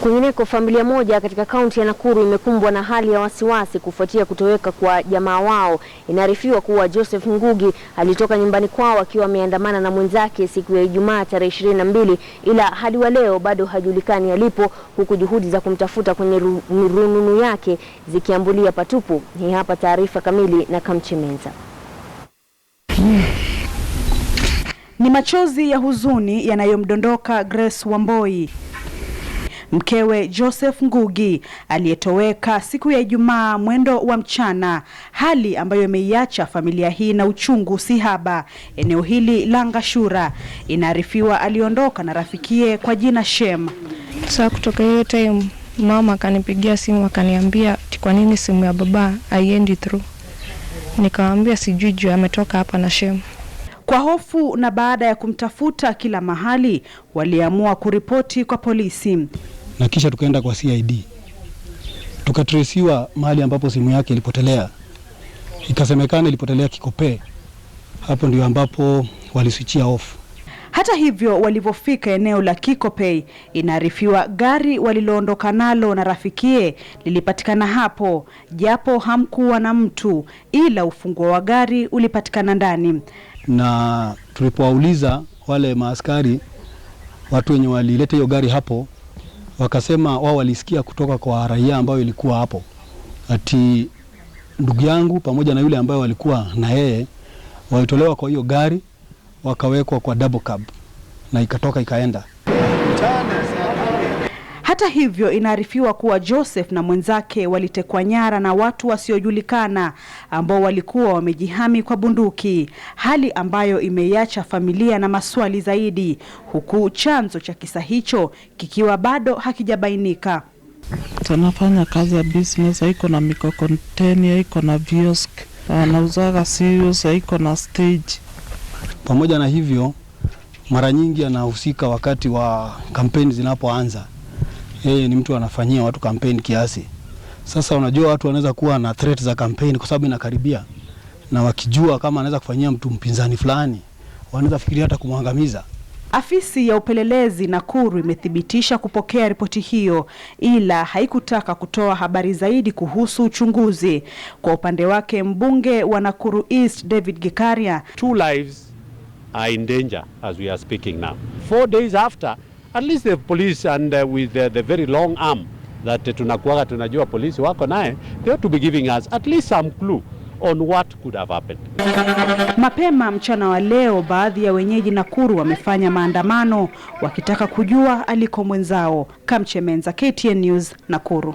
Kwingineko, familia moja katika kaunti ya Nakuru imekumbwa na hali ya wasiwasi kufuatia kutoweka kwa jamaa wao. Inaarifiwa kuwa Joseph Ngugi alitoka nyumbani kwao akiwa ameandamana na mwenzake siku ya Ijumaa tarehe ishirini na mbili, ila hadi wa leo bado hajulikani alipo, huku juhudi za kumtafuta kwenye rununu yake zikiambulia patupu. Hii hapa taarifa kamili na Kamchemenza. Ni machozi ya huzuni yanayomdondoka Grace Wamboi Mkewe Joseph Ngugi aliyetoweka siku ya Ijumaa mwendo wa mchana, hali ambayo imeiacha familia hii na uchungu si haba. Eneo hili la Ngashura inaarifiwa aliondoka na rafikie kwa jina Shem. Saa kutoka hiyo time mama akanipigia simu akaniambia, kwa nini simu ya baba haiendi through? Nikamwambia sijui juu ametoka hapa na Shem. Kwa hofu na baada ya kumtafuta kila mahali, waliamua kuripoti kwa polisi na kisha tukaenda kwa CID tukatresiwa mahali ambapo simu yake ilipotelea, ikasemekana ilipotelea Kikopee. Hapo ndio ambapo waliswichia off. Hata hivyo, walivyofika eneo la kikopei inaarifiwa gari waliloondoka nalo na rafikie lilipatikana hapo, japo hamkuwa na mtu, ila ufunguo wa gari ulipatikana ndani. Na tulipowauliza wale maaskari, watu wenye walileta hiyo gari hapo wakasema wao walisikia kutoka kwa raia ambayo ilikuwa hapo, ati ndugu yangu pamoja na yule ambayo walikuwa na yeye walitolewa kwa hiyo gari wakawekwa kwa double cab na ikatoka ikaenda Chana. Hata hivyo, inaarifiwa kuwa Joseph na mwenzake walitekwa nyara na watu wasiojulikana ambao walikuwa wamejihami kwa bunduki, hali ambayo imeiacha familia na maswali zaidi, huku chanzo cha kisa hicho kikiwa bado hakijabainika. Tunafanya kazi ya business, haiko na mikokoteni, haiko na viosk, anauzaga serious, haiko na stage. Pamoja na hivyo, mara nyingi anahusika wakati wa kampeni zinapoanza yeye ni mtu anafanyia watu kampeni kiasi. Sasa unajua watu wanaweza kuwa na threat za kampeni kwa sababu inakaribia, na wakijua kama anaweza kufanyia mtu mpinzani fulani, wanaweza fikiria hata kumwangamiza. Afisi ya upelelezi Nakuru imethibitisha kupokea ripoti hiyo ila haikutaka kutoa habari zaidi kuhusu uchunguzi. Kwa upande wake, mbunge wa Nakuru East David Gikaria, two lives are in danger as we are speaking now. Four days after at least the police and uh, with the, uh, the very long arm that uh, tunakuaga tunajua polisi wako naye they ought to be giving us at least some clue on what could have happened. Mapema mchana wa leo, baadhi ya wenyeji Nakuru wamefanya maandamano wakitaka kujua aliko mwenzao. Kamchemenza, KTN News, Nakuru.